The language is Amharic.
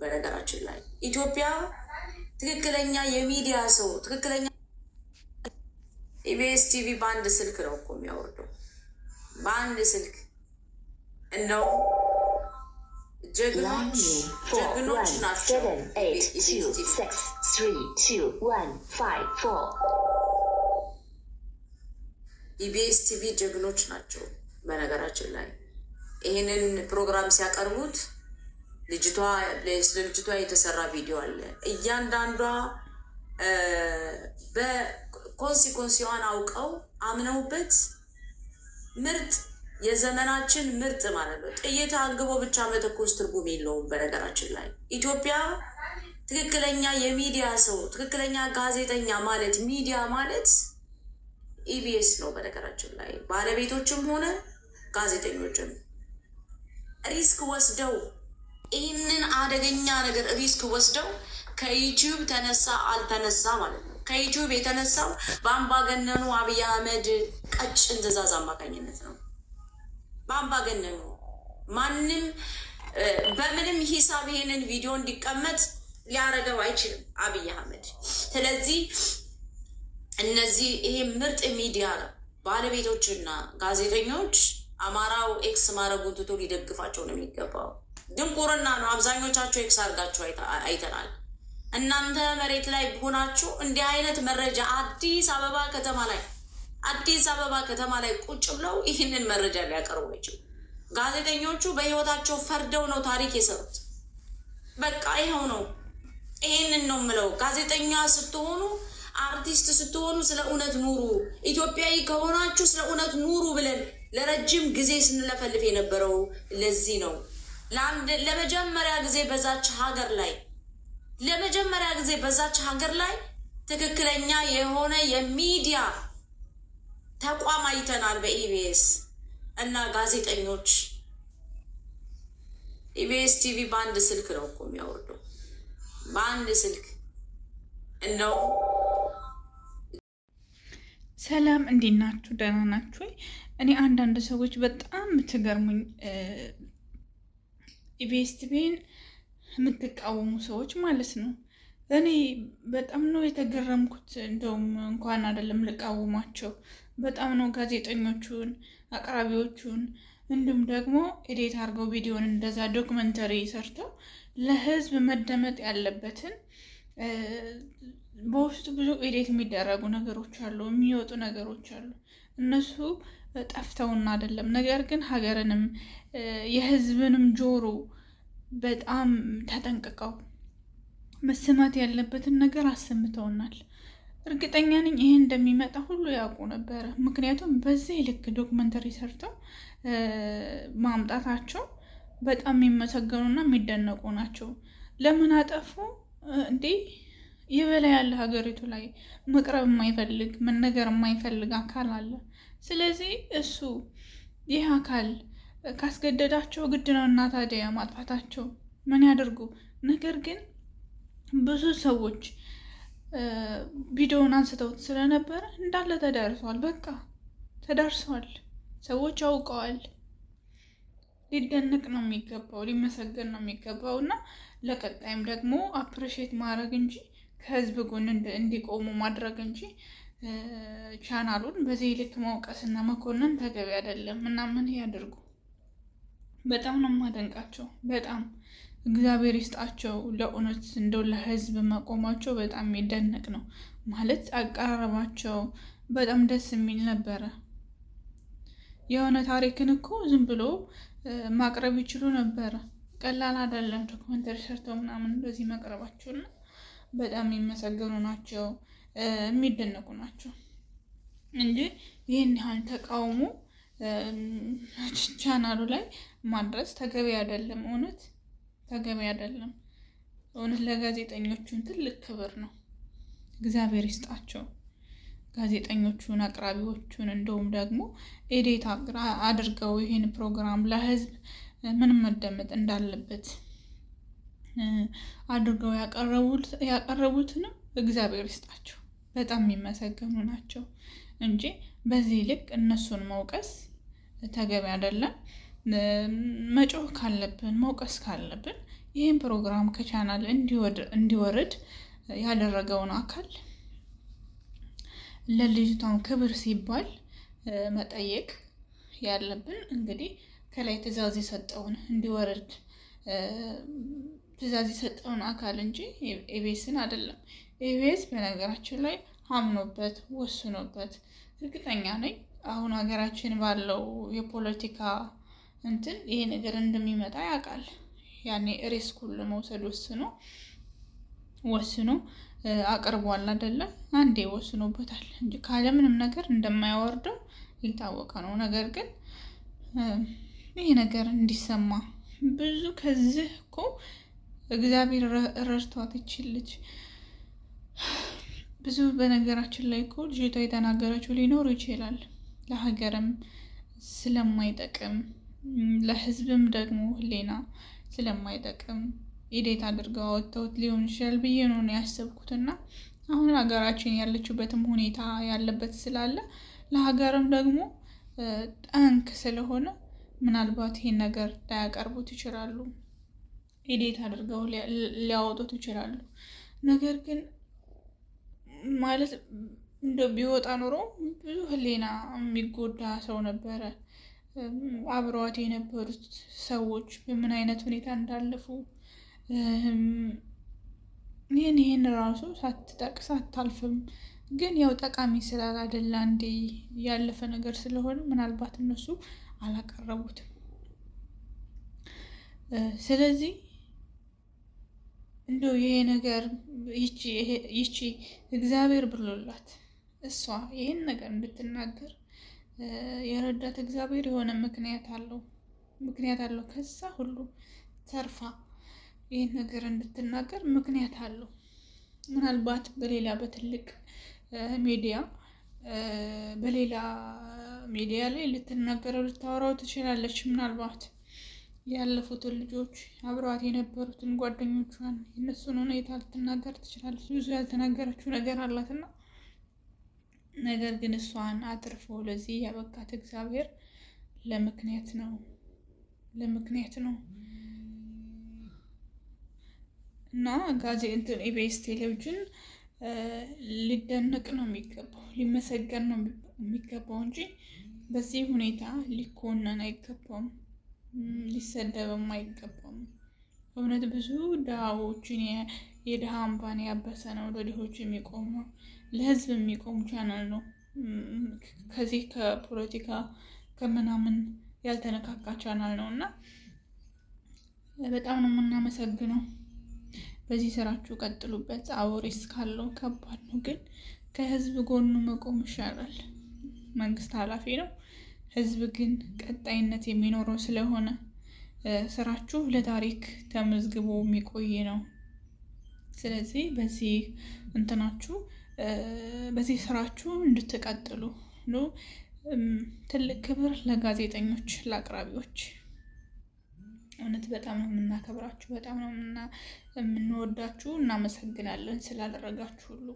በነገራችን ላይ ኢትዮጵያ ትክክለኛ የሚዲያ ሰው ትክክለኛ ኢቢኤስ ቲቪ በአንድ ስልክ ነው እኮ የሚያወርደው። በአንድ ስልክ እነው ጀግኖች ጀግኖች ናቸው። ኢቢኤስ ቲቪ ጀግኖች ናቸው። በነገራችን ላይ ይህንን ፕሮግራም ሲያቀርቡት ልጅቷ ስለ ልጅቷ የተሰራ ቪዲዮ አለ። እያንዳንዷ በኮንሲኮንሲዋን አውቀው አምነውበት ምርጥ የዘመናችን ምርጥ ማለት ነው። ጥይት አንግቦ ብቻ መተኮስ ትርጉም የለውም። በነገራችን ላይ ኢትዮጵያ ትክክለኛ የሚዲያ ሰው ትክክለኛ ጋዜጠኛ ማለት ሚዲያ ማለት ኢቢኤስ ነው። በነገራችን ላይ ባለቤቶችም ሆነ ጋዜጠኞችም ሪስክ ወስደው ይህንን አደገኛ ነገር ሪስክ ወስደው ከዩቲዩብ ተነሳ አልተነሳ ማለት ነው። ከዩቲዩብ የተነሳው በአምባገነኑ አብይ አህመድ ቀጭን ትዕዛዝ አማካኝነት ነው። በአምባገነኑ ማንም በምንም ሂሳብ ይሄንን ቪዲዮ እንዲቀመጥ ሊያረገው አይችልም አብይ አህመድ። ስለዚህ እነዚህ ይሄ ምርጥ ሚዲያ ባለቤቶችና ጋዜጠኞች አማራው ኤክስ ማድረጉን ትቶ ሊደግፋቸው ነው የሚገባው። ድንቁርና ነው። አብዛኞቻችሁ ኤክስ አድርጋችሁ አይተናል። እናንተ መሬት ላይ ሆናችሁ እንዲህ አይነት መረጃ አዲስ አበባ ከተማ ላይ አዲስ አበባ ከተማ ላይ ቁጭ ብለው ይህንን መረጃ ሊያቀርቡ ይችሉ። ጋዜጠኞቹ በህይወታቸው ፈርደው ነው ታሪክ የሰሩት። በቃ ይኸው ነው። ይህንን ነው የምለው። ጋዜጠኛ ስትሆኑ፣ አርቲስት ስትሆኑ ስለ እውነት ኑሩ። ኢትዮጵያዊ ከሆናችሁ ስለ እውነት ኑሩ ብለን ለረጅም ጊዜ ስንለፈልፍ የነበረው ለዚህ ነው። ለመጀመሪያ ጊዜ በዛች ሀገር ላይ ለመጀመሪያ ጊዜ በዛች ሀገር ላይ ትክክለኛ የሆነ የሚዲያ ተቋም አይተናል። በኢቢኤስ እና ጋዜጠኞች ኢቢኤስ ቲቪ በአንድ ስልክ ነው እኮ የሚያወርደው፣ በአንድ ስልክ እነው። ሰላም፣ እንዴት ናችሁ? ደህና ናችሁ? እኔ አንዳንድ ሰዎች በጣም ትገርሙኝ ኢቤስቲቪን የምትቃወሙ ሰዎች ማለት ነው። እኔ በጣም ነው የተገረምኩት። እንደውም እንኳን አይደለም ልቃወማቸው፣ በጣም ነው ጋዜጠኞቹን፣ አቅራቢዎቹን እንዲሁም ደግሞ ኤዴት አድርገው ቪዲዮን እንደዛ ዶክመንተሪ ሰርተው ለህዝብ መደመጥ ያለበትን በውስጡ ብዙ ኤዴት የሚደረጉ ነገሮች አሉ፣ የሚወጡ ነገሮች አሉ እነሱ ጠፍተውና አይደለም። ነገር ግን ሀገርንም የህዝብንም ጆሮ በጣም ተጠንቅቀው መሰማት ያለበትን ነገር አሰምተውናል። እርግጠኛ ነኝ ይሄ እንደሚመጣ ሁሉ ያውቁ ነበረ። ምክንያቱም በዚህ ልክ ዶክመንተሪ ሰርተው ማምጣታቸው በጣም የሚመሰገኑና የሚደነቁ ናቸው። ለምን አጠፉ እንዴ? የበላይ ያለ ሀገሪቱ ላይ መቅረብ የማይፈልግ መነገር የማይፈልግ አካል አለ። ስለዚህ እሱ ይህ አካል ካስገደዳቸው ግድ ነው እና ታዲያ ማጥፋታቸው ምን ያደርጉ? ነገር ግን ብዙ ሰዎች ቪዲዮውን አንስተውት ስለነበረ እንዳለ ተዳርሰዋል። በቃ ተዳርሰዋል። ሰዎች አውቀዋል። ሊደነቅ ነው የሚገባው፣ ሊመሰገን ነው የሚገባው እና ለቀጣይም ደግሞ አፕሪሼት ማድረግ እንጂ ከህዝብ ጎን እንዲቆሙ ማድረግ እንጂ ቻናሉን በዚህ ልክ ማውቀስና መኮንን ተገቢ አይደለም እና ምን ያደርጉ። በጣም ነው የማደንቃቸው። በጣም እግዚአብሔር ይስጣቸው። ለእውነት እንደው ለህዝብ መቆማቸው በጣም የሚደነቅ ነው። ማለት አቀራረባቸው በጣም ደስ የሚል ነበረ። የሆነ ታሪክን እኮ ዝም ብሎ ማቅረብ ይችሉ ነበረ። ቀላል አይደለም ዶክመንተሪ ሰርተው ምናምን በዚህ መቅረባቸውና በጣም የሚመሰገኑ ናቸው። የሚደነቁ ናቸው እንጂ ይህን ያህል ተቃውሞ ቻናሉ ላይ ማድረስ ተገቢ አይደለም። እውነት ተገቢ አይደለም። እውነት ለጋዜጠኞቹን ትልቅ ክብር ነው። እግዚአብሔር ይስጣቸው ጋዜጠኞቹን፣ አቅራቢዎቹን እንደውም ደግሞ ኤዴት አድርገው ይህን ፕሮግራም ለህዝብ ምን መደመጥ እንዳለበት አድርገው ያቀረቡትንም እግዚአብሔር ይስጣቸው። በጣም የሚመሰገኑ ናቸው እንጂ በዚህ ልክ እነሱን መውቀስ ተገቢ አይደለም። መጮህ ካለብን መውቀስ ካለብን ይህን ፕሮግራም ከቻናል እንዲወርድ ያደረገውን አካል ለልጅቷን ክብር ሲባል መጠየቅ ያለብን እንግዲህ ከላይ ትዕዛዝ የሰጠውን እንዲወርድ ትዕዛዝ የሰጠውን አካል እንጂ ኤቤስን አይደለም። ኢቢኤስ በነገራችን ላይ አምኖበት ወስኖበት እርግጠኛ ነኝ አሁን ሀገራችን ባለው የፖለቲካ እንትን ይሄ ነገር እንደሚመጣ ያውቃል። ያኔ ሪስኩን ለመውሰድ ወስኖ ወስኖ አቅርቧል አይደለ? አንዴ ወስኖበታል እንጂ ካለምንም ነገር እንደማያወርደው የታወቀ ነው። ነገር ግን ይሄ ነገር እንዲሰማ ብዙ ከዚህ እኮ እግዚአብሔር ረድቷት ይችልች ብዙ በነገራችን ላይ እኮ ልጅቷ የተናገረችው ሊኖሩ ይችላል። ለሀገርም ስለማይጠቅም ለህዝብም ደግሞ ህሌና ስለማይጠቅም ኢዴት አድርገው አወጥተውት ሊሆን ይችላል ብዬ ነው ያሰብኩት። እና አሁን ሀገራችን ያለችበትም ሁኔታ ያለበት ስላለ ለሀገርም ደግሞ ጠንክ ስለሆነ ምናልባት ይሄን ነገር ላያቀርቡት ይችላሉ። ኢዴት አድርገው ሊያወጡት ይችላሉ። ነገር ግን ማለት እንደ ቢወጣ ኖሮ ብዙ ህሊና የሚጎዳ ሰው ነበረ። አብረዋት የነበሩት ሰዎች በምን አይነት ሁኔታ እንዳለፉ ይህን ይህን ራሱ ሳትጠቅስ አታልፍም። ግን ያው ጠቃሚ ስላላደለ አንዴ ያለፈ ነገር ስለሆነ ምናልባት እነሱ አላቀረቡትም። ስለዚህ እንደው ይሄ ነገር ይቺ እግዚአብሔር ብሎላት እሷ ይህን ነገር እንድትናገር የረዳት እግዚአብሔር የሆነ ምክንያት አለው ምክንያት አለው። ከዛ ሁሉ ተርፋ ይህን ነገር እንድትናገር ምክንያት አለው። ምናልባት በሌላ በትልቅ ሚዲያ በሌላ ሚዲያ ላይ ልትናገረው ልታወራው ትችላለች ምናልባት ያለፉትን ልጆች አብረዋት የነበሩትን ጓደኞቿን የእነሱን ሁኔታ ልትናገር ትችላለች። ብዙ ያልተናገረችው ነገር አላትና ነገር ግን እሷን አትርፎ ለዚህ ያበቃት እግዚአብሔር ለምክንያት ነው ለምክንያት ነው እና ጋዜንትን ኢቢኤስ ቴሌቪዥን ሊደነቅ ነው የሚገባው፣ ሊመሰገን ነው የሚገባው እንጂ በዚህ ሁኔታ ሊኮነን አይገባውም። ሊሰደብም አይገባም። በእውነት ብዙ ድሃዎችን የድሃ አምባን ያበሰ ነው። ለድሆች የሚቆም ነው። ለህዝብ የሚቆም ቻናል ነው። ከዚህ ከፖለቲካ ከምናምን ያልተነካካ ቻናል ነው እና በጣም ነው የምናመሰግነው። በዚህ ስራችሁ ቀጥሉበት። አዎ ካለው ከባድ ነው፣ ግን ከህዝብ ጎኑ መቆም ይሻላል። መንግስት ኃላፊ ነው። ህዝብ ግን ቀጣይነት የሚኖረው ስለሆነ ስራችሁ ለታሪክ ተመዝግቦ የሚቆይ ነው። ስለዚህ በዚህ እንትናችሁ በዚህ ስራችሁ እንድትቀጥሉ ትልቅ ክብር ለጋዜጠኞች፣ ለአቅራቢዎች። እውነት በጣም ነው የምናከብራችሁ፣ በጣም ነው የምንወዳችሁ። እናመሰግናለን ስላደረጋችሁ ሁሉ።